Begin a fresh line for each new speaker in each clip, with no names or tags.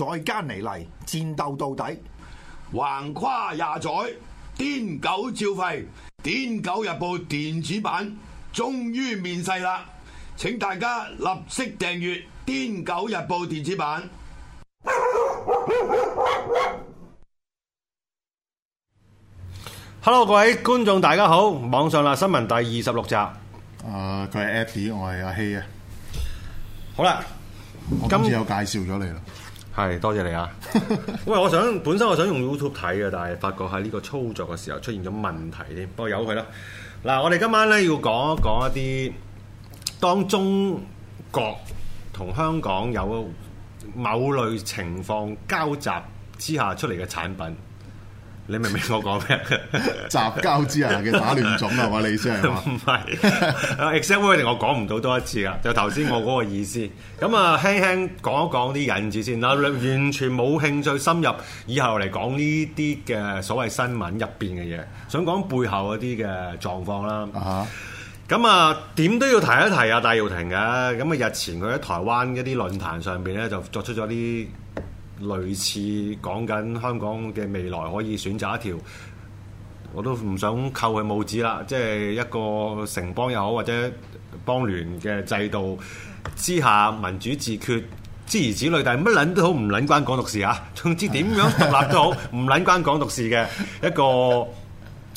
再艱難嚟，戰鬥到底。橫跨廿載，癲狗照吠。癲狗日報電子版終於面世啦，請大家立即訂閱癲狗日報電子版。Hello，各位觀眾大家好，網上辣辛聞第二十六集。啊，佢係 Addie，我係阿希啊。好啦，
我今次又介紹咗你啦。
係，多謝你啊！ 喂，我想本身我想用 YouTube 睇嘅，但係發覺喺呢個操作嘅時候出現咗問題添，不過由佢啦。嗱，我哋今晚咧要講一講一啲當中國同香港有某類情況交集之下出嚟嘅產品。你明唔明我講咩？ 雜交之下嘅打亂種係嘛意思係唔係，except 我講唔到多一次啊！ 就頭先我嗰個意思咁啊，輕輕講一講啲引子先嗱，你完全冇興趣深入，以後嚟講呢啲嘅所謂新聞入邊嘅嘢，想講背後嗰啲嘅狀況啦。咁、uh huh. 啊，點都要提一提啊，戴耀廷嘅咁啊，日前佢喺台灣一啲論壇上邊咧，就作出咗啲。類似講緊香港嘅未來可以選擇一條，我都唔想扣佢帽子啦。即係一個城邦又好，或者邦聯嘅制度之下，民主自決之如此類。但係乜撚都好，唔撚關港獨事啊！總之點樣獨立都好，唔撚關港獨事嘅一個。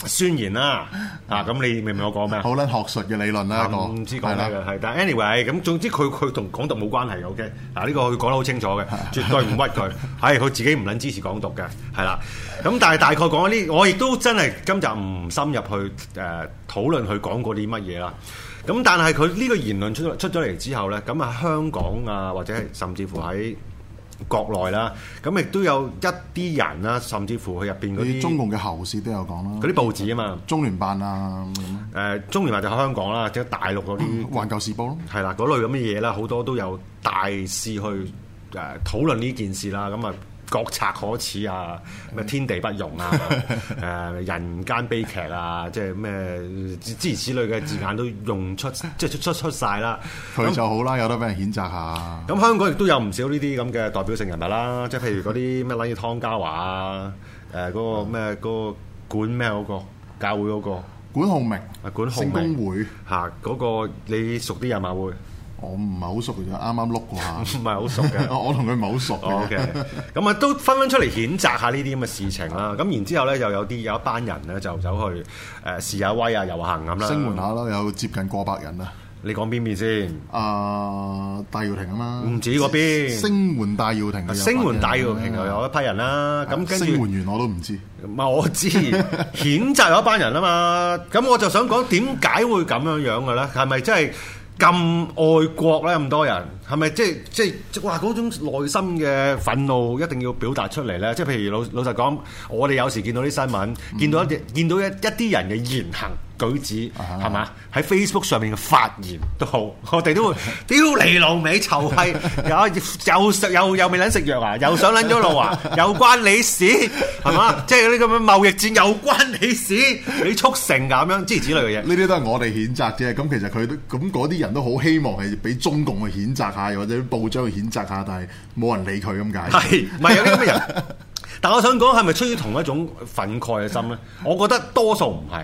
宣言啦，啊咁你明唔明我講咩？好撚學術嘅理論啦、啊，我唔、嗯、知講咩嘅，係吧但 anyway 咁總之佢佢同港獨冇關係，OK，嗱，呢個佢講得好清楚嘅，絕對唔屈佢，係佢 自己唔撚支持港獨嘅，係啦。咁但係大概講呢，我亦都真係今集唔深入去誒、呃、討論佢講過啲乜嘢啦。咁但係佢呢個言論出出咗嚟之後咧，咁、呃、啊香港啊或者係甚至乎喺。國內啦，咁亦都有一啲人啦，甚至乎佢入邊嗰啲中
共嘅喉舌都有講啦，嗰啲報
紙啊嘛，中聯辦啊咁、呃、中聯辦就喺香港啦，即、就、係、是、大陸嗰啲、嗯《環球時報》咯，係啦，嗰類咁嘅嘢啦，好多都有大肆去誒、呃、討論呢件事啦，咁啊。國策可恥啊！咩天地不容啊！誒，人間悲劇啊！即係咩之此類嘅字眼都用出，即係出出出曬啦！佢就好啦，有得俾人譴責下。咁香港亦都有唔少呢啲咁嘅代表性人物啦，即係譬如嗰啲咩例嘢湯家華啊，誒、那、嗰個咩嗰、那個管咩嗰個教會嗰、那個管浩明啊，管浩明聖公會嚇嗰個你熟啲啊嘛會。我唔係好熟嘅，啫啱啱碌過下。唔係好熟嘅，我同佢唔係好熟。O K，咁啊都紛紛出嚟譴責下呢啲咁嘅事情啦。咁 然之後咧，又有啲有一班人咧，就走去誒示下威啊、遊行咁啦。聲援下
啦，有接近過百人啊。你講邊邊先？啊，戴耀廷啊嘛。唔止嗰邊。聲援戴耀廷，聲援戴耀廷又有一批人啦。咁跟住，聲援完我都唔知。唔係我知。
譴責有一班人啊嘛。咁我就想講點解會咁樣樣嘅咧？係咪真係？就是真咁愛國咧，咁多人，係咪即係即係哇，嗰種內心嘅憤怒一定要表達出嚟咧？即係譬如老老實講，我哋有時見到啲新聞，嗯、見到一見到一一啲人嘅言行，舉止，係嘛喺 Facebook 上面嘅發言都好，我哋都會屌你老尾臭屁，又又又又未捻食藥啊，又想捻咗路啊，又關你事係嘛？即係呢咁樣貿易戰又關
你事，你促成咁樣之類嘅嘢，呢啲都係我哋譴責啫。咁其實佢都，咁嗰啲人都好希望係俾中共去譴責下，又或者報章去譴責下，但係冇人理佢咁解。係咪有呢啲人？但我想講係咪出於同一種憤慨嘅心咧？
我覺得多數唔係。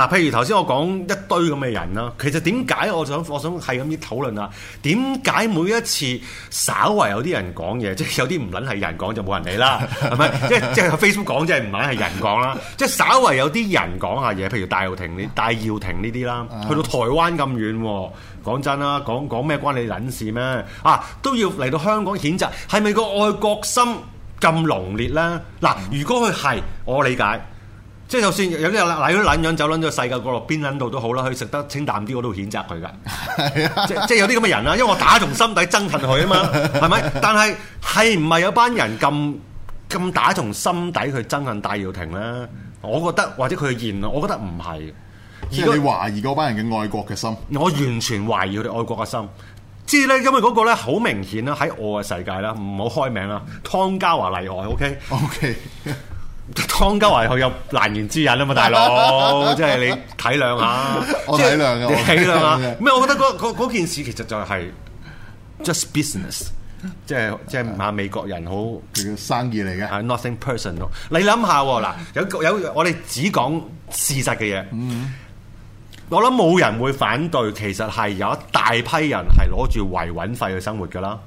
嗱，譬如頭先我講一堆咁嘅人啦，其實點解我想我想係咁啲討論啊？點解每一次稍為有啲人講嘢，即係有啲唔撚係人講就冇人理啦，係咪？ 即即係 Facebook 講即係唔撚係人講啦，即係稍為有啲人講下嘢，譬如戴耀廷呢、戴耀廷呢啲啦，去到台灣咁遠，啊，講真啦，講講咩關你撚事咩？啊，都要嚟到香港譴責，係咪個愛國心咁濃烈咧？嗱，如果佢係，我理解。即係就算有啲懶樣走撚咗世界角落邊撚度都好啦，佢食得清淡啲我都會譴責佢㗎。 即係有啲咁嘅人啊，因為我打從心底憎恨佢啊嘛，係咪？但係係唔係有班人咁咁打從心底去憎恨戴，戴耀廷咧？我覺得或者佢嘅言論，我覺得唔係。即係你
懷疑嗰班人嘅愛國嘅心？我
完全懷疑佢哋愛國嘅心。即係咧，因為嗰個咧好明顯啦，喺我嘅世界啦，唔好開名啦，湯家驊例外 O K O K。OK? 湯家驊佢有難言之隱啊嘛，大佬，即係 你體諒下，我體諒下， 你體諒啊！咩？ 我覺得嗰件事其實就係 just business，即係即係唔係美國人好叫 生意嚟嘅 ，nothing personal 你諗下嗱、啊，有有我哋只講事實嘅嘢， 我諗冇人會反對。其實係有一大批人係攞住維穩費去生活噶啦。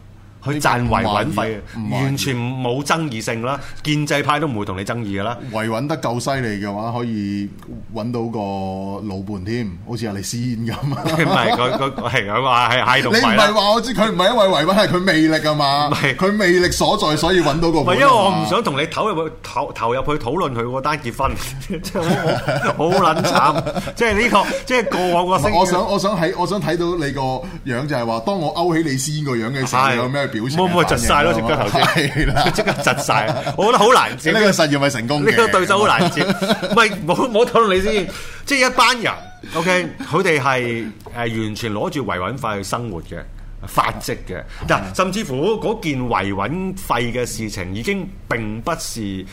佢賺維穩費，完全冇爭議性啦。建制派都唔會同你爭議
噶啦。維穩得夠犀利嘅話，可以揾到個老伴添，好似阿李偲嫣咁。唔
係佢佢佢話喺度。你唔係
話我知佢唔係因為維穩，係佢魅力啊嘛。係佢魅力所在，所以揾到個。唔係 因為我唔
想同你投入去投投入去討論佢個單結婚，
好好卵慘。即係呢個，即、就、係、是這個就是、過往個、啊。我想我想喺我想睇到你個樣就，就係話當我勾起李偲嫣個樣嘅時候有咩？ 冇冇窒晒咯頭先，
即刻窒晒。
我覺得好難接。呢個實驗係成功？呢個對手好難接。
唔係，冇冇討論你先。即係一班人，OK，佢哋係誒完全攞住維穩費去生活嘅，發跡嘅。嗱，甚至乎嗰件維穩費嘅事情已經並不是。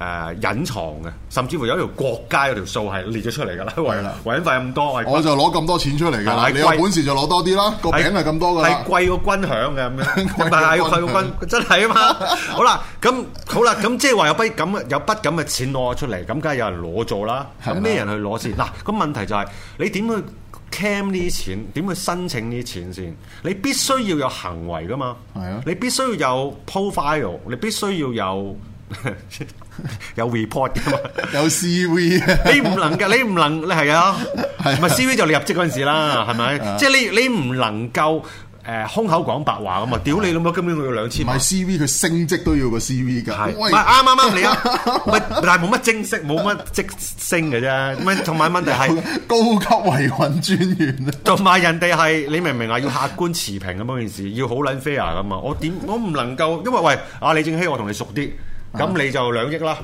誒隱藏嘅，甚至乎有一條國家嗰條數係列咗出嚟㗎啦，為費咁多，我就
攞咁多錢出嚟㗎啦。你有本事就攞多啲啦，係咁
多㗎。係貴過軍餉嘅咁樣，係貴過軍，真係啊嘛。好啦，咁好啦，咁即係話有筆咁有筆咁嘅錢攞出嚟，咁梗係有人攞咗啦。咁咩人去攞先？嗱，咁問題就係你點去 claim 呢啲錢？點去申請呢啲錢先？你必須要有行為㗎嘛。係啊，你必須要有 profile，你必須要有。 有 report 噶的嘛？ 有 C V、啊、你唔能嘅，你唔能你係啊，唔係 是、啊、C V 就你入職嗰陣時啦，係咪？即係 是、啊、你你唔能夠誒、呃，空口講白話咁嘛，屌你老母，今年佢要兩千萬 C V，佢升職都要個 C V 噶，係唔啱啱啱你啊？喂，但係冇乜正式，冇乜職升嘅啫。同埋問題係高級維穩專員同、啊、埋人哋係你明唔明啊？要客觀持平咁嗰件事，要好捻 fair 噶嘛？我點我唔能夠，因為，因為喂，阿、啊、李政熙，我同你熟啲。咁你就兩億啦，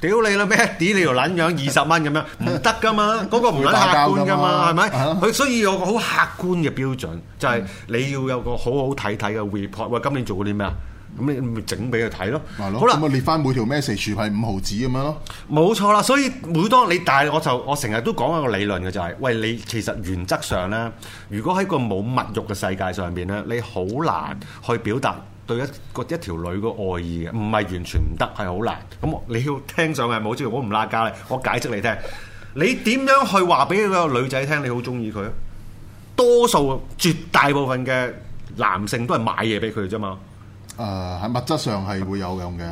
屌你啦咩？屌你條撚樣二十蚊咁樣，唔得噶嘛，嗰個唔係客觀噶嘛，係咪？佢所以有個好客觀嘅標準，就係你要有個好好睇睇嘅 report。喂，今年做過啲咩啊？咁你咪整俾佢睇咯。係
咯。好啦，咁我列翻每條 message 係五毫紙咁樣咯。冇錯啦，所以
每當你，但係我就我成日都講一個理論嘅就係，喂，你其實原則上咧，如果喺個冇物欲嘅世界上邊咧，你好難去表達，對一個一條女嘅愛意嘅，唔係完全唔得，係好難。咁你要聽上嘅冇招，我唔拉家，咧。我解釋你聽，你點樣去話俾個女仔聽你好中意佢？多數絕大部分嘅男性都係買嘢俾佢啫嘛。誒、呃，喺物質上係會有用嘅。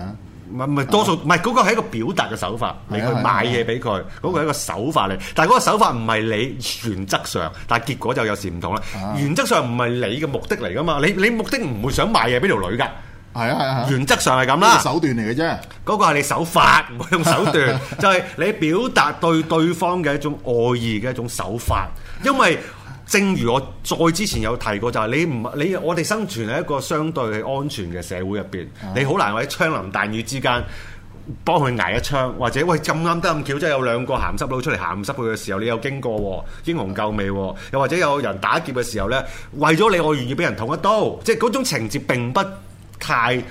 唔係唔係多數，唔係嗰個係一個表達嘅手法，你去買嘢俾佢，嗰、嗰個係一個手法嚟。但係嗰個手法唔係你原則上，但係結果就有時唔同啦。原則上唔係你嘅目的嚟噶嘛，你你目的唔會想買嘢俾條女㗎。係啊係啊，啊啊原則上係咁啦。手段嚟嘅啫，嗰個係你手法，唔會用手段，就係、係、你表達對對方嘅一種愛意嘅一種手法，因為。正如我再之前有提過，就係你唔係你我哋生存喺一個相對安全嘅社會入邊，你好難喺槍林彈雨之間幫佢捱一槍，或者喂，咁啱得咁巧，即係有兩個鹹濕佬出嚟鹹濕佢嘅時候，你有經過喎，英雄救美喎，又或者有人打劫嘅時候呢，為咗你，我願意俾人捅一刀，即係嗰種情節並不太。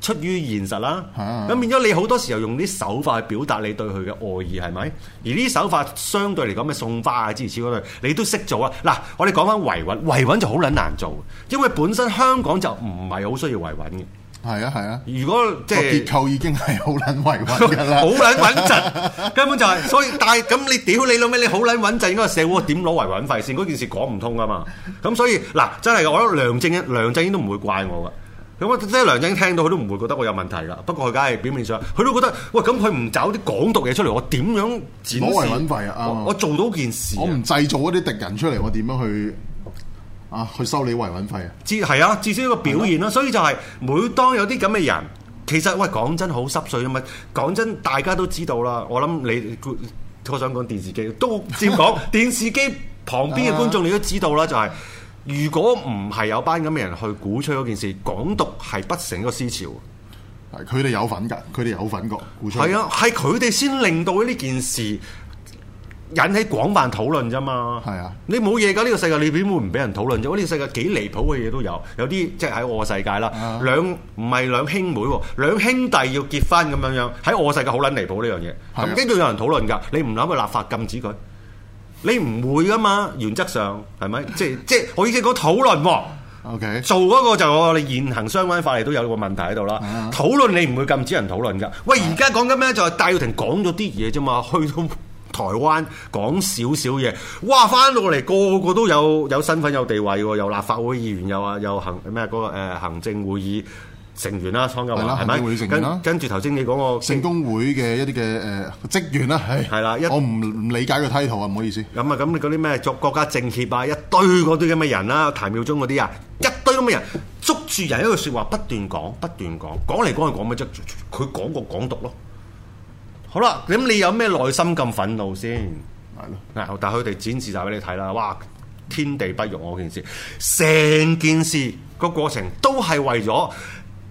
出於現實啦，咁、啊、變咗你好多時候用啲手法去表達你對佢嘅愛意，係咪？而呢啲手法相對嚟講嘅送花啊諸如此類，你都識做啊！嗱，我哋講返維穩，維穩就好撚難做，因為本身香港就唔係好需要維穩嘅。係啊，係啊。如果即係、就是、結
構已經係好撚維穩嘅，好撚穩
陣，根本就係、是、所以。但係咁你屌你老味，你好撚穩陣，應該社會點攞維穩費先？嗰件事講唔通噶嘛。咁所以嗱，真係我覺得梁振英，梁振英都唔會怪我㗎。咁即係梁振英聽到，佢都唔會覺得我有問題啦。不過佢梗係表面上，佢都覺得喂咁佢唔找啲港獨嘢出嚟，我點樣
展示？維穩費啊！我做到件事、啊，我唔製造一啲敵人出嚟，我點樣去啊？去收你維穩費啊？至係啊，至少一個表現啦。啊、所以就係、是、每當有啲咁
嘅人，其實喂講真好濕碎啊嘛。講真，大家都知道啦。我諗你，我想講電視機都照講 電視機旁邊嘅觀眾， 你都知道啦，就係、是。就是如果唔係有班咁嘅人去鼓吹嗰件事，港獨係不成一個思潮。係，佢哋有份㗎，佢哋有份個鼓吹。係啊，係佢哋先令到呢件事引起廣泛討論啫嘛。係啊，你冇嘢㗎，呢個世界你點會唔俾人討論啫？我哋個世界幾離譜嘅嘢都有，有啲即係喺我世界啦，兩，唔係兩兄妹，兩兄弟要結婚咁樣樣，喺我世界好撚離譜呢樣嘢，咁梗都有人討論㗎？你唔諗去立法禁止佢？你唔會噶嘛？原則上係咪？即 即我已經講討論喎。OK，做嗰個就我哋現行相關法例都有個問題喺度啦。討論你唔會禁止人討論噶。喂，而家講緊咩？就係、是、戴耀廷講咗啲嘢啫嘛。去到台灣講少少嘢，哇！翻到嚟個，個個都有有身份、有地位喎。有立法會議員又啊又行咩嗰個誒行政會議，成員啦，廠家啦，係咪？跟跟住頭先你講個政工會嘅一啲嘅誒職員、嗯、啦，係係啦，我唔唔理解佢 title 啊，唔好意思。咁啊、嗯，咁你嗰啲咩作國家政協啊，一堆嗰啲咁嘅人啦、啊，譚妙中嗰啲啊，一堆咁嘅人捉住人一句説話不斷講，不斷講，講嚟講去講乜啫？佢講過港獨咯。好啦，咁你有咩內心咁憤怒先？係咯，但係佢哋展示晒俾你睇啦。哇，天地不容嗰件事，成件事個過程都係為咗。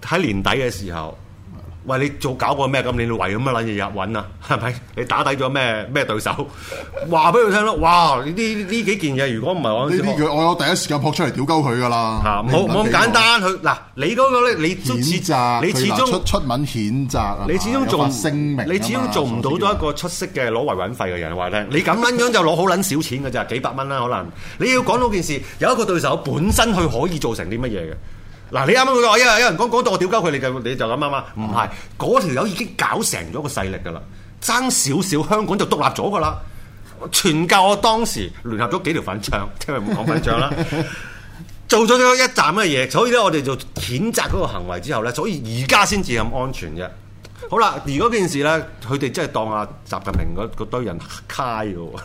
喺年底嘅時候，喂，你做搞過咩？今年你為咁乜撚嘢入揾啊？係咪？你打底咗咩咩對手？話俾佢聽咯。哇！呢呢幾件嘢如果唔係我
我有我第一時間撲出嚟屌鳩佢噶啦。冇冇咁簡單。
佢嗱，你嗰、那個咧，你責你始終出
出文譴責，你始終做、啊、聲明，你始終做唔到多
一個出色嘅攞維穩費嘅人話你聽。你咁撚樣就攞好撚少錢㗎咋，幾百蚊啦可能。你要講到件事，有一個對手本身佢可以做成啲乜嘢嘅。嗱，你啱啱佢話有有人講講到我屌鳩佢，你就你就咁啱嘛？唔係，嗰條友已經搞成咗個勢力噶啦，爭少少香港就獨立咗噶啦，全靠我當時聯合咗幾條粉腸，即係唔好講粉腸啦， 做咗咗一陣嘅嘢，所以咧我哋就譴責嗰個行為之後咧，所以而家先至咁安全嘅。好啦，而嗰件事咧，佢哋真係當阿習近平嗰堆人揩嘅喎，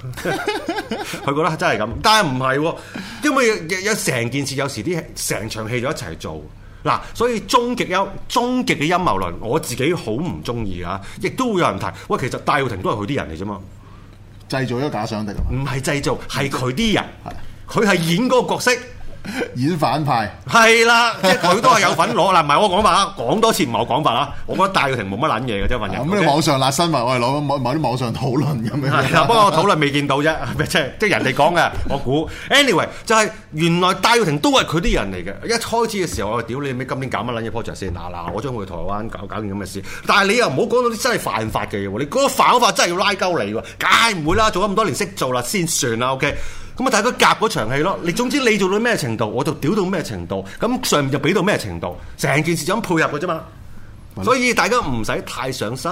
佢、啊、覺得真係咁，但係唔係，因為有成件事，有時啲成場戲就一齊做，嗱、啊，所以終極有，終極嘅陰謀論，我自己好唔中意啊，亦都會有人提，喂，其實戴耀廷都係佢啲人嚟啫嘛，製造一個假想敵，唔係製造，係佢啲人，佢係的演嗰個角色。演反派係 啦，即係佢都係有份攞啦，唔係我講法啦，講多次唔係我講法啦。我覺得戴耀廷冇乜撚嘢嘅啫，混 人咁啲、嗯嗯、網
上辣新聞，我係攞某啲網上討論咁樣，不過我討論
未見到啫， 即係即係人哋講嘅，我估，anyway 就係原來戴耀廷都係佢啲人嚟嘅，一開始嘅時候我屌你咩，今年搞乜撚嘢 project 先，嗱嗱，我將會去台灣搞搞件咁嘅事，但係你又唔好講到啲真係犯法嘅嘢，你講到犯法真係要拉鳩你嘅，梗係唔會啦，做咗咁多年識做啦，先算啦，ok。咁啊！大家夾嗰場戲咯。你總之你做到咩程度，我就屌到咩程度。咁上面就俾到咩程度，成件事就咁配合嘅啫嘛。是的 所以大家唔使太上心，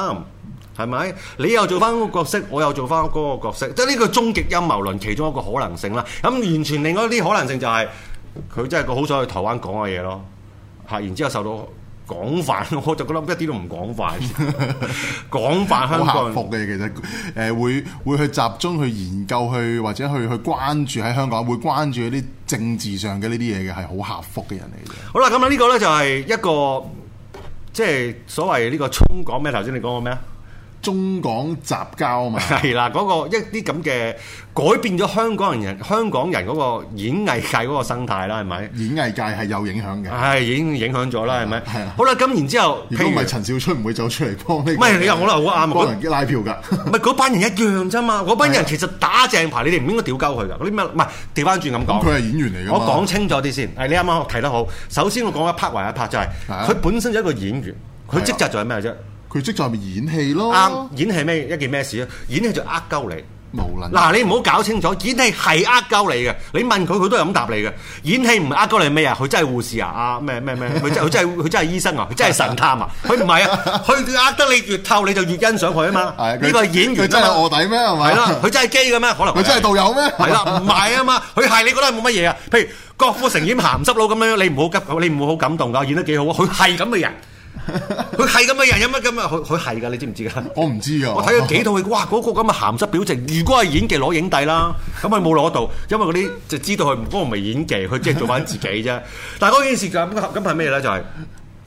係咪？你又做翻嗰個角色，我又做翻嗰個角色。即係呢個終極陰謀論其中一個可能性啦。咁完全另外一啲可能性就係、是、佢真係個好想去台灣講嘅嘢咯。吓，然之後受到。廣泛，
我就覺得一啲都唔廣泛。廣泛香港人好 客服嘅，其實誒會會去集中去研究去或者去去關注喺香港，會關注一啲政治上嘅呢啲嘢嘅，係好客服嘅人嚟嘅。
好啦，咁啊呢個咧就係一個即係、就是、所謂呢個沖講咩？頭先你講過咩啊？中港雜交啊嘛，係啦，嗰個一啲咁嘅改變咗香港人、人香港人嗰個演藝界嗰個生態啦，係咪？演藝界係有影響嘅，係已經影響咗啦，係咪？係好啦，咁然之後，如果唔係陳
小春唔會走出嚟幫你。唔係你又可能好啱，幫人拉票㗎，唔係嗰班人一
樣啫嘛，嗰班人其實打正牌，你哋唔應該屌鳩佢㗎，嗰啲乜唔係調翻轉咁講，佢係演
員嚟嘅。我講
清楚啲先，係你啱啱我提得好，首先我講一拍為一拍，就係佢本身就一個演員，佢職責就係咩啫？佢即係喺咪演戲咯，演戲咩一件咩事啊？演戲，演戲就呃鳩你，無論嗱、啊、你唔好搞清楚，演戲係呃鳩你嘅。你問佢，佢都係咁答你嘅。演戲唔呃鳩你係咩啊？佢真係護士啊，阿咩咩咩，佢真佢係佢真係醫生啊，佢真係神探啊，佢唔係啊，佢呃得你越透你就越欣賞佢啊嘛。呢個 他演員、啊、真係臥底咩？係咪、 啊？啦，佢真係基嘅咩？可能佢真係導遊咩？係 啦、啊，唔係啊嘛。佢係你覺得冇乜嘢啊？譬如郭富城演鹹濕佬咁樣，你唔好急，你唔會好感動㗎。演得幾好啊？佢係咁嘅人。佢係咁嘅人，有乜咁啊？佢佢係噶，你知唔知噶？我唔知啊！ 我睇咗幾套戲，哇！嗰、那個咁嘅鹹濕表情，如果係演技攞影帝啦，咁咪冇攞到，因為嗰啲就知道佢唔光係演技，佢即係做翻自己啫。但係嗰件事咁嘅核心係咩咧？就係、是、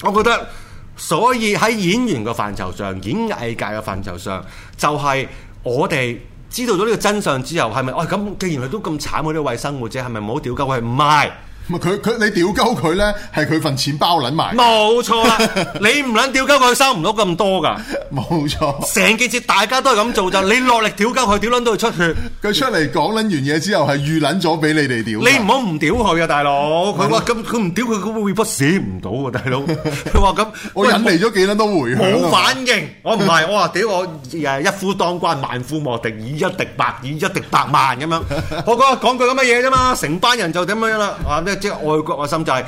我覺得，所以喺演員嘅範疇上，演藝界嘅範疇上，就係、是、我哋知道咗呢個真相之後，係咪？哎，咁既然佢都咁慘，嗰啲衛生活者係咪冇屌鳩佢？唔係。
咪佢佢你屌鳩佢咧，係佢份錢
包撚埋。冇錯啦，你
唔撚屌鳩佢，收唔到咁多噶。冇錯，成幾次大家都係咁做就，你落力屌鳩佢，屌撚到佢出血。佢出嚟講撚完嘢之後係預撚咗俾你哋屌。你唔好唔屌
佢啊，大佬。佢話咁佢唔屌佢，佢會死唔到喎，大佬。佢話咁我隱
嚟咗幾撚多回。冇反
應，我唔係我話屌我誒一夫當關萬夫莫敵，以一敵百，以一敵百萬咁樣。我講講句咁嘅嘢啫嘛，成班人就點樣啦？即係愛國嘅心，就係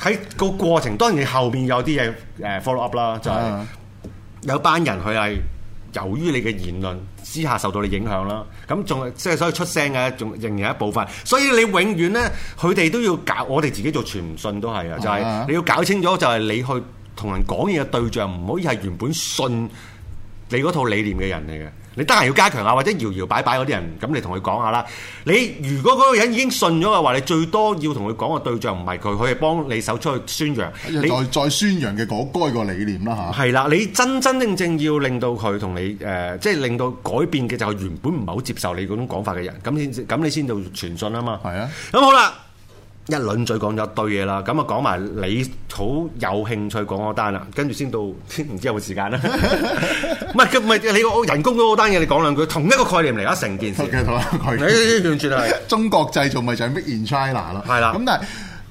喺個過程。當然後邊有啲嘢誒 follow up 啦，就係有班人佢係由於你嘅言論私下受到你影響啦。咁仲即係所以出聲嘅仲仍然有一部分。所以你永遠咧，佢哋都要搞，我哋自己做傳信都係啊。就係你要搞清楚，就係你去同人講嘢嘅對象，唔可以係原本信你嗰套理念嘅人嚟嘅。你得閒要加強下，或者搖搖擺擺嗰啲人，咁你同佢講下啦。你如果嗰個人已經信咗嘅話，你最多要同佢講嘅對象唔係佢，佢係幫你手出去宣揚。再你再
再宣揚嘅嗰該個理念啦嚇。
係啦，你真真正正要令到佢同你誒、呃，即係令到改變嘅就係原本唔係好接受你嗰種講法嘅人。咁先咁你先就傳信啊嘛。係啊的。咁好啦。一輪嘴講一堆嘢啦，咁啊講埋你好有興趣講嗰單啦，跟住先到，唔知有冇時間啦？唔係， 唔係你我人工嗰單嘢，你講兩句，同
一個概念嚟啦，成件事嘅、okay, 概念，完全係中國製造咪就 made in China 咯的，係啦，咁但係。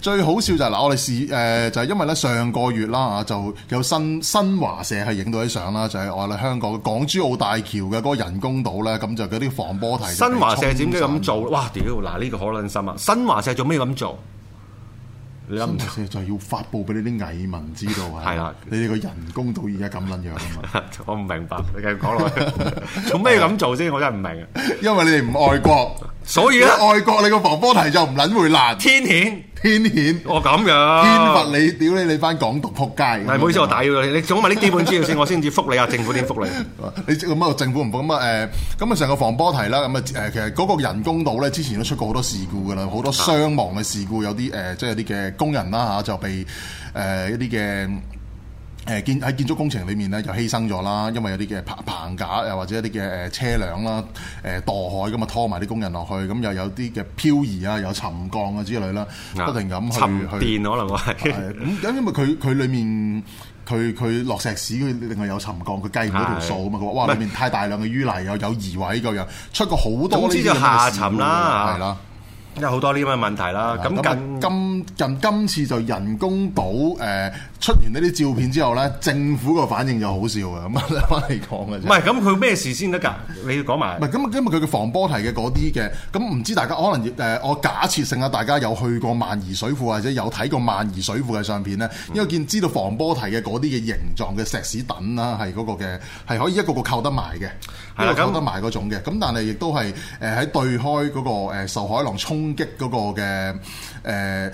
最好笑就係嗱，我哋試誒、呃、就係、是、因為咧上個月啦啊，就有新新華社係影到啲相啦，就係我哋香港嘅港珠澳大橋嘅嗰個人工島咧，咁就嗰啲防波堤。新華社點解咁
做？哇！屌，嗱呢個可能？心啊！新華社做咩咁
做？你諗住就要發布俾你啲蟻民知道 啊！係啦，你哋個人工島而家咁撚樣啊！ 我唔明白，你繼續講落去，做咩咁做先？我真係唔明。因為你哋唔愛國，所以咧愛國你個防波堤就唔撚會爛，天譴。天譴我咁樣，天罰你，屌你你班港獨撲街！唔係，唔好意思，樣我打
擾你。你講埋啲基本資料先， 我先至覆你下政府點覆你。
你知咁乜？政府唔覆咁啊？誒，咁啊成個防波堤啦，咁啊誒，其實嗰個人工島咧，之前都出過好多事故㗎啦，好多傷亡嘅事故，有啲誒、呃，即係有啲嘅工人啦嚇，就被誒一啲嘅。誒建喺建築工程裏面咧就犧牲咗啦，因為有啲嘅棚架又或者一啲嘅誒車輛啦，誒、呃、墮海咁啊拖埋啲工人落去，咁又有啲嘅漂移啊，有沉降啊之類啦，不停咁去去。啊、沉電
可能喎，
咁因為佢佢裏面佢佢落石屎，佢另外有沉降，佢計唔到條數啊嘛，佢話哇！裡面太大量嘅淤泥又有，有移位咁樣，出過好多。總之就下沉啦，係、啊、啦。
啊有好多呢啲咁嘅問題啦，咁近今
近今次就人工島誒出完呢啲照片之後咧，政府個反應就好笑嘅，咁一翻嚟講嘅啫。唔係，
咁佢咩事先得㗎？你要講埋。
唔係，咁因為佢嘅防波堤嘅嗰啲嘅，咁唔知大家可能要誒，我假設性啊，大家有去過萬宜水庫或者有睇過萬宜水庫嘅相片咧，因為見知道防波堤嘅嗰啲嘅形狀嘅石屎墩啦，係嗰個嘅係可以一個個扣得埋嘅，係扣得埋嗰種嘅。咁但係亦都係誒喺對開嗰個誒受海浪沖。攻擊嗰個嘅，誒、呃、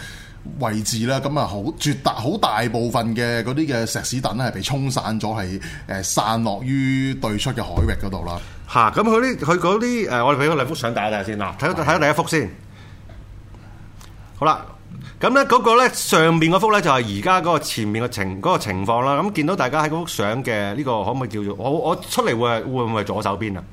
位置啦，咁啊好絕大好大部分嘅嗰啲嘅石屎躉咧係被沖散咗，係誒、呃、散落於對出嘅海域嗰度啦。吓、啊，咁佢啲
佢嗰啲誒，我哋俾個兩幅相睇睇先啦。睇睇下第一幅先，好啦，咁咧嗰個咧上面嗰幅咧就係而家嗰個前面嘅情嗰、嗰個情況啦。咁見到大家喺嗰幅相嘅呢、呢個可唔可以叫做我我出嚟會會唔會係左手邊啊？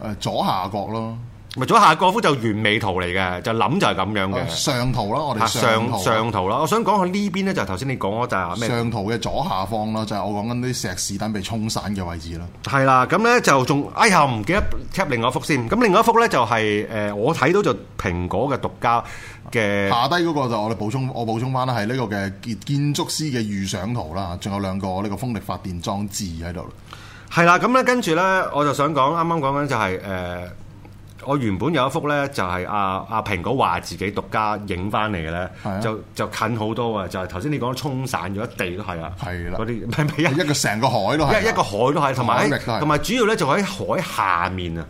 誒、
呃，左下角咯。
咪左下嗰幅就完美圖嚟嘅，就諗就係咁樣嘅、啊。上
圖啦，我哋上上圖啦。我想講佢呢邊咧，就係頭先你講嗰就咩？上圖嘅、就是、左下方咯，就係我講緊啲石屎墩被沖散嘅位置啦。
係啦，咁咧就仲哎呀，唔記得
貼另外一幅先。咁另外一幅咧就係、是、誒，我睇到就蘋果嘅獨家嘅下低嗰個就我哋補充，我補充翻啦，係呢個嘅建建築師嘅預想圖啦。仲有兩個呢個風力發電裝置喺度。係啦，咁咧跟住咧，我就想講啱啱講緊
就係誒。呃我原本有一幅咧、啊，就係阿阿蘋果話自己獨家影翻嚟嘅咧，就就近好多啊。就係頭先你講沖散咗一地都係啊，係啦的，嗰啲
係咪一個成個海都係，一個
海都係，同埋同埋主要咧就喺海下面的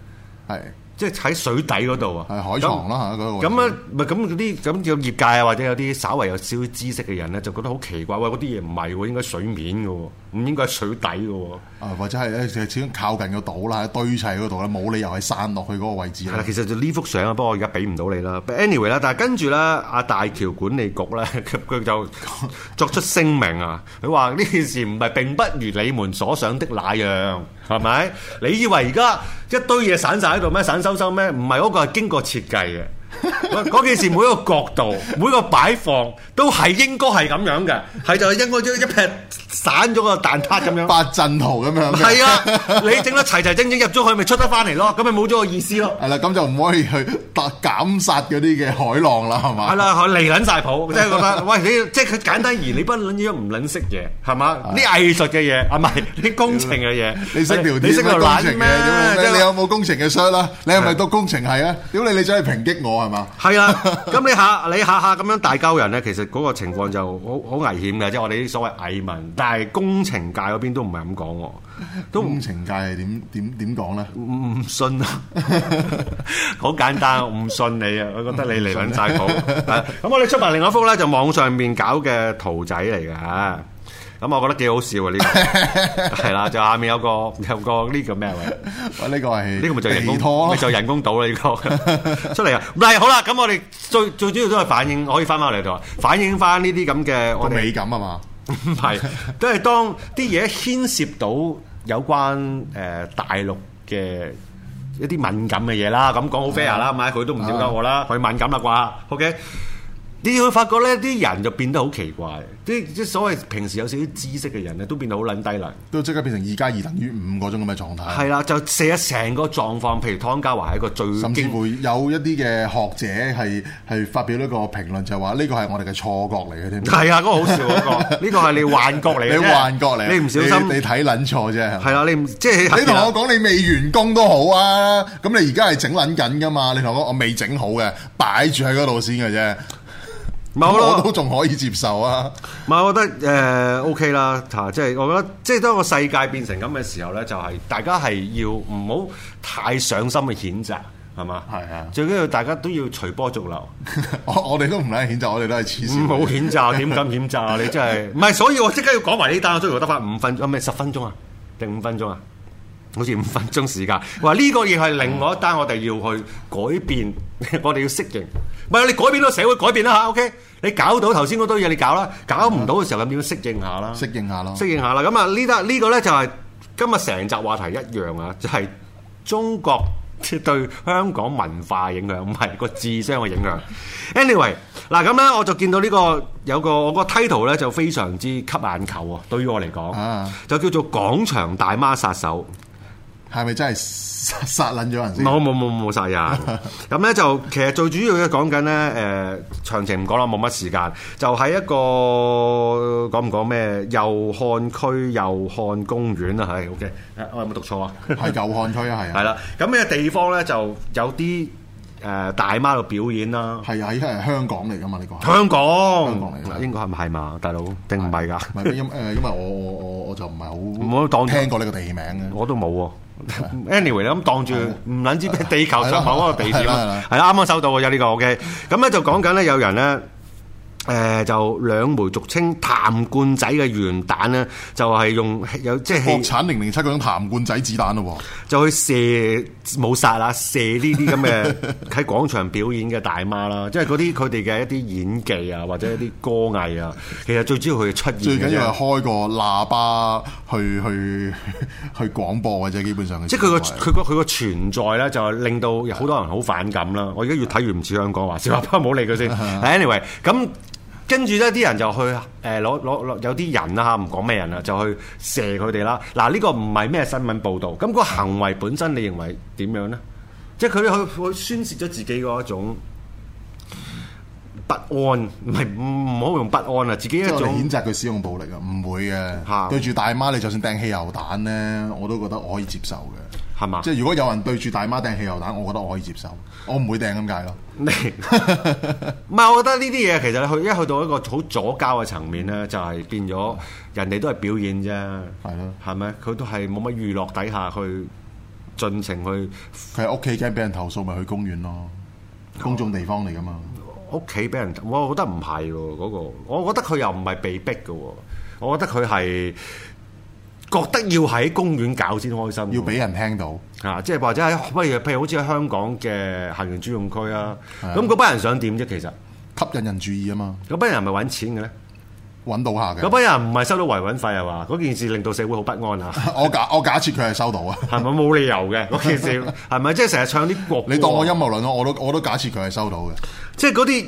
海啊，係即係喺水底嗰度啊，係海床啦嚇嗰咁啊咪咁啲咁叫業界啊，或者有啲稍微有少少知識嘅人咧，就覺得好奇怪，喂嗰啲嘢唔係喎，應該水面㗎
喎，唔應該係水底㗎喎。啊，或者係誒，始終靠近個島啦，堆砌喺度啦，冇理由係散落去嗰個位置。啦，其實
就呢幅相啊，不過我而家俾唔到你啦。Anyway 啦，但係跟住咧，阿大橋管理局咧，佢就作出聲明啊，佢話呢件事唔係並不如你們所想的那樣，係咪？ 你以為而家一堆嘢散晒喺度咩？散修修咩？唔係嗰個係經過設計嘅。嗰件事每一個角度，每個擺放都係應該係咁樣嘅，係就係應該一一劈散
咗個蛋撻咁樣，八陣圖咁樣。係啊，你整得齊齊整整入咗去，咪出得翻嚟咯。咁咪冇咗個意思咯。係啦，咁就唔可以去打減殺嗰啲嘅海浪啦，係嘛？
係啦，離捻晒譜，即係覺得喂，你即係佢簡單而言，你不捻樣唔捻識嘢，係嘛？啲藝術嘅嘢，啊唔係，啲工程嘅嘢，你識條？你識到工程咩？你你
有冇工程嘅 shout 啦？你係咪讀工程系啊？屌你，你走去抨擊我啊！係啊，
咁 你下你下下咁樣大交人咧，其實嗰個情況就好好危險嘅，即係我哋啲所謂藝文，但係工程界嗰邊都唔係咁講喎。
都工程界係點點點講咧？唔
信啊！ 好簡單，唔信你啊！我覺得你嚟揾晒好。咁不、啊 啊、我哋出埋另一幅咧，就網上面搞嘅圖仔嚟㗎。咁我覺得幾好笑啊！呢個係啦，就下面有個有個呢個咩位？喂，呢、呢個係呢個咪就人工島咯，托是就是人工島啦呢個出嚟啊！唔係好啦，咁我哋最最主要都係反映，可以翻翻嚟度反映翻呢啲咁嘅我美感啊嘛，係， 都係當啲嘢牽涉到有關誒、呃、大陸嘅一啲敏感嘅嘢啦，咁講好 fair 啦，咪佢、嗯、都唔點鳩我啦，佢、嗯、敏感啦啩？OK。你會發覺呢啲人就變得好奇怪。啲即所謂平時有少少知識嘅人咧，
都變得好撚低能。都即刻變成二加二等於五嗰種咁嘅狀
態。係啦，就成一成個狀
況。譬如湯家驊係一個最甚至乎有一啲嘅學者係係發表一個評論，就話呢個係我哋嘅錯覺嚟嘅添。係啊，嗰、那個好笑嗰、那個，呢 個係你幻覺嚟嘅，你幻覺嚟。你唔小心，你睇撚錯啫。係啦，你，你即係你同我講你未完工都好啊。咁你而家係整撚緊噶嘛？你同我講我未整好嘅，擺住喺嗰度先嘅啫。我都仲可以接受啊！唔係，我覺得誒，O K 啦，吓、啊，即
係我覺得，即係當個世界變成咁嘅時候咧，就係、是、大家係要唔好太上心去譴責，係嘛？係是啊，最緊要大家都要隨波逐流 我。我哋都唔撚譴責，我哋都係黐線。冇譴責，點敢譴責？ 你真係唔係，所以我即刻要講埋呢單，所以我得翻五分鐘，咩？十分鐘啊，定五分鐘啊？好似五分鐘時間，話呢個嘢係另外一單，我哋要去改變，嗯、 我哋要適應。唔係你改變到社會改變啦吓 OK，你搞到頭先嗰堆嘢，你搞啦；搞唔到嘅時候，咁點樣適應下啦？適應下啦。適應下啦。咁、嗯、啊，呢得呢個咧就係、是、今日成集話題一樣啊，就係、是、中國對香港文化影響，唔係個智商嘅影響。 Anyway，嗱咁咧，我就見到呢個有個我個 title 咧，就非常之吸眼球啊。對於我嚟講，就叫做廣場大媽殺手。
係咪真係殺殺撚咗人
先？冇冇冇冇殺人。咁咧 就其實最主要咧講緊咧誒，詳、呃、情唔講啦，冇乜時間。就喺、是、一個講唔講咩？右漢區右漢公園啊，係 OK、呃。我有冇讀錯啊？
係右漢區啊，係。係
啦，咁咩地方咧就有啲誒大媽喺度表演啦。係啊，依家係香港嚟噶嘛？你、呢個香港，香港嚟噶，應該係唔係嘛？大佬，
定唔係噶？因為因為、呃、我我我我就唔係好冇當聽過你個地名嘅， 我都冇喎。
anyway 咧，咁當住唔撚知咩地球上某一個地點，係啦，係啦，啱啱收到喎，有呢個 OK，咁咧就講緊咧有人咧。誒就兩枚俗稱彈罐仔嘅圓彈咧，就係、是、用有即係、就是、國產零零七嗰種彈罐仔子彈咯，就去射武殺啊，射呢啲咁嘅喺廣場表演嘅大媽啦， 即係嗰啲佢哋嘅一啲演技啊，或者一啲歌藝啊，其實最主要佢嘅出現，最緊要係開個喇叭
去去去，去廣播嘅啫，基本上
即。即係佢個佢個佢個存在咧，就令到好多人好反感啦。我而家越睇越唔似香港話，小喇叭冇理佢先。 Anyway，咁。跟住呢啲人就去誒攞攞有啲人啦嚇，唔講咩人啊，就去射佢哋啦。嗱，呢個唔係咩新聞報導，咁個行為本身你認為點樣呢？即係佢去去宣泄咗自己嗰一種不
安，唔係唔好用不安啊！自己一種嚟譴責佢使用暴力啊？唔會嘅，的對住大媽你就算掟汽油彈呢，我都覺得我可以接受嘅。係嘛？即係如果有人對住大媽掟汽油彈，我覺得我可以接受，我唔會掟咁解咯。明唔係？我覺得呢
啲嘢，其實去一去到一個好左膠嘅層面咧，就係變咗人哋都係表演啫。係咯，係咪？佢都係冇乜娛樂底下去盡情去。
佢屋企梗係俾人投訴，咪去公園咯，公眾地方嚟噶嘛。屋企俾人投
訴，我我覺得唔係喎，嗰個，我覺得佢又唔係被逼嘅，我覺得佢係。覺得要喺公園搞先開心，要俾人聽到，啊！即係或者喺，譬如譬如好似喺香港嘅行人專用區啊，咁嗰班人想點啫？其實吸引人注意啊嘛，嗰班人係咪揾錢嘅咧？揾到下嘅，嗰班人唔係收到維穩費係嘛？嗰件事令到社會好不安啊！ 我假我假設佢係收到啊，係咪冇理由嘅嗰件事？係咪 即係成日唱啲國？你當我陰謀論咯，我都，我都，我，都我都假設佢係收到嘅，即係嗰啲。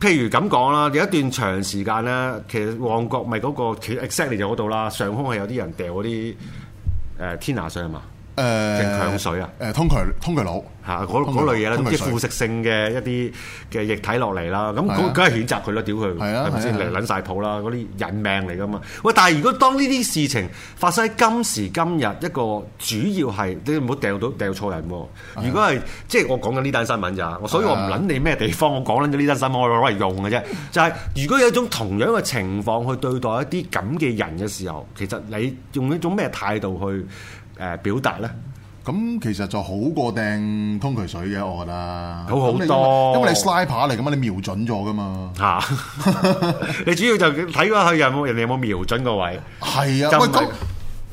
譬如咁講啦，有一段長時間咧，其實旺角咪嗰、那個 excite 嚟就嗰度啦，上空係有啲人掉嗰啲天拿水嘛。
誒，強水啊！誒，通渠通渠佬
嚇，嗰類嘢啦，即係腐蝕性嘅一啲嘅液體落嚟啦。咁嗰嗰係選擇佢啦，屌佢係咪先嚟撚晒鋪啦？嗰啲人命嚟噶嘛？喂！但係如果當呢啲事情發生喺今時今日，一個主要係你唔好掟到掟錯人喎。如果係即係我講緊呢單新聞咋，所以我唔撚你咩地方，我講緊呢單新聞，我攞嚟用嘅啫。就係如果有一種同樣嘅情況去對待一啲咁嘅人嘅時候，其
實你用一種咩態度去？誒、呃、表達咧，咁其實就好過掟通渠水嘅，我覺得好好、嗯、多，因，因為你 sniper 嚟噶嘛，你瞄準咗噶嘛，
嚇 你主要就睇下佢有冇人哋有冇瞄準個位，係啊，真係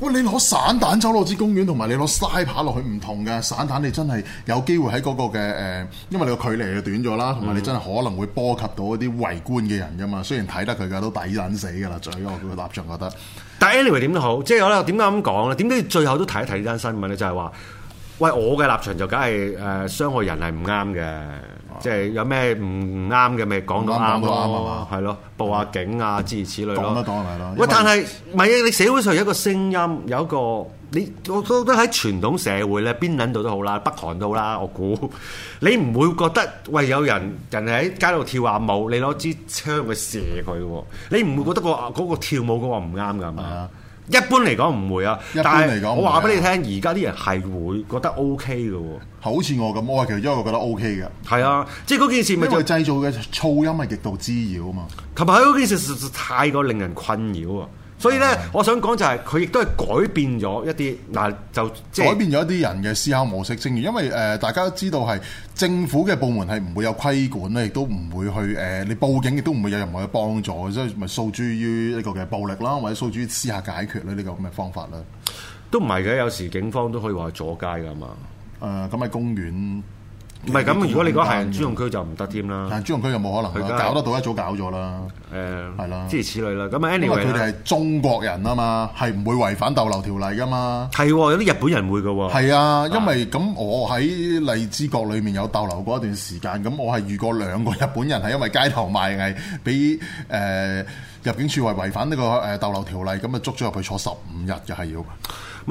喂，你攞散彈走落支公園，同埋你攞沙牌落去唔同嘅。散彈你真係有機會喺嗰個嘅誒，因為你個距離就短咗啦，同埋你真係可能會波及到一啲圍觀嘅人噶嘛。雖然睇得佢嘅都抵撚死噶啦，最呢個佢立場覺得。但 anyway
點都好，即係我咧點解咁講咧？點解最後都睇一睇呢單新聞咧？就係話，喂，我嘅立場就梗係誒傷害人係唔啱嘅。即係有咩唔啱嘅，咪講到啱咯，係咯，報下警啊諸如此類咯。講得講嚟咯。喂，因為但係唔係啊？你社會上有一個聲音，有一個你，我覺得喺傳統社會咧，邊撚度都好啦，北韓都好啦。我估你唔會覺得喂有人人哋喺街度跳下舞，你攞支槍去射佢，你唔會覺得、嗰個嗰、嗯、跳舞嗰個唔啱㗎，係嘛？一般嚟講唔會啊，一般嚟講、啊、我話俾
你聽，而家啲人係會覺得 OK 嘅、啊，好似我咁我其實，因為我覺得 OK 嘅，係啊，即係嗰件事咪就製造嘅噪音係極度滋擾啊嘛，琴日喺嗰件事實在太過令人困擾啊。所以咧，嗯、我想講就係佢亦都係改變咗一啲嗱，就即、係、改變咗一啲人嘅思考模式正。正如因為誒、呃，大家都知道係政府嘅部門係唔會有規管咧，亦都唔會去誒、呃，你報警亦都唔會有任何嘅幫助，即係咪訴諸於呢個嘅暴力啦，或者訴諸於私下解決咧呢個咁嘅方法咧？
都唔係嘅，有時警方都可以話阻街噶嘛。
誒、呃，咁喺公園。唔係咁，如果你講行人專用區就唔得添啦。行人專用區就冇可能，的搞得到一早搞咗啦。誒、呃，係啦的。諸如此類啦。咁啊，anyway 佢哋係中國人啊嘛，係唔、嗯、會違反逗留條例噶嘛。
係喎，有啲日本人會噶喎。係
的啊，因為咁我喺荔枝角裡面有逗留過一段時間，咁我係遇過兩個日本人係因為街頭賣藝，俾誒、呃、入境處話違反呢個誒逗留條例，咁啊捉咗入去坐十五日嘅係要。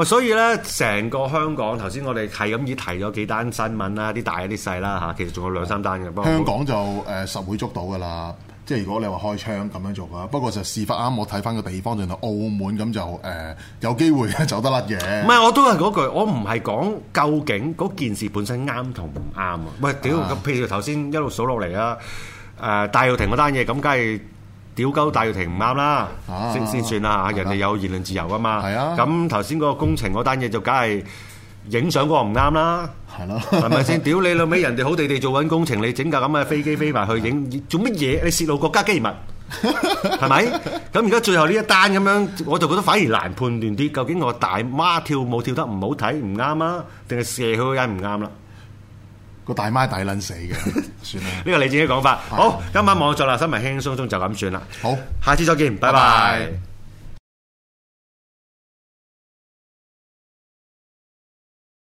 所以咧，成個香港頭先，我哋係咁已提咗幾單新聞啦，啲大啲細啦嚇，其實仲有兩三單嘅。不過不香港
就誒實、呃、會捉到噶啦，即係如果你話開槍咁樣做啊。不過就事發啱，我睇翻個地方就係澳門，咁就誒有機會走得甩嘅。唔係，
我都係嗰句，我唔係講究竟嗰件事本身啱同唔啱啊。喂，屌，咁譬如頭先一路數落嚟啊，誒戴耀廷嗰單嘢，咁梗係。屌鳩戴玉婷唔啱啦，先先算啦嚇，人哋有言論自由啊嘛。咁頭先嗰個工程嗰單嘢就梗係影相嗰個唔啱啦，係咯，係咪先？屌你老尾，人哋好地地做緊工程，你整架咁嘅飛機飛埋去影，做乜嘢？你泄露國家機密係咪？咁而家最後呢一單咁樣，我就覺得反而難判斷啲，究竟我大媽跳舞跳得唔好睇唔啱啊，定係射佢嘅人唔啱啦？
個大媽大撚死嘅， 算啦。
呢個你自己講法。是的 好，今晚網上辣辛聞輕輕鬆鬆就咁算啦。好，下次再見，拜拜。拜拜。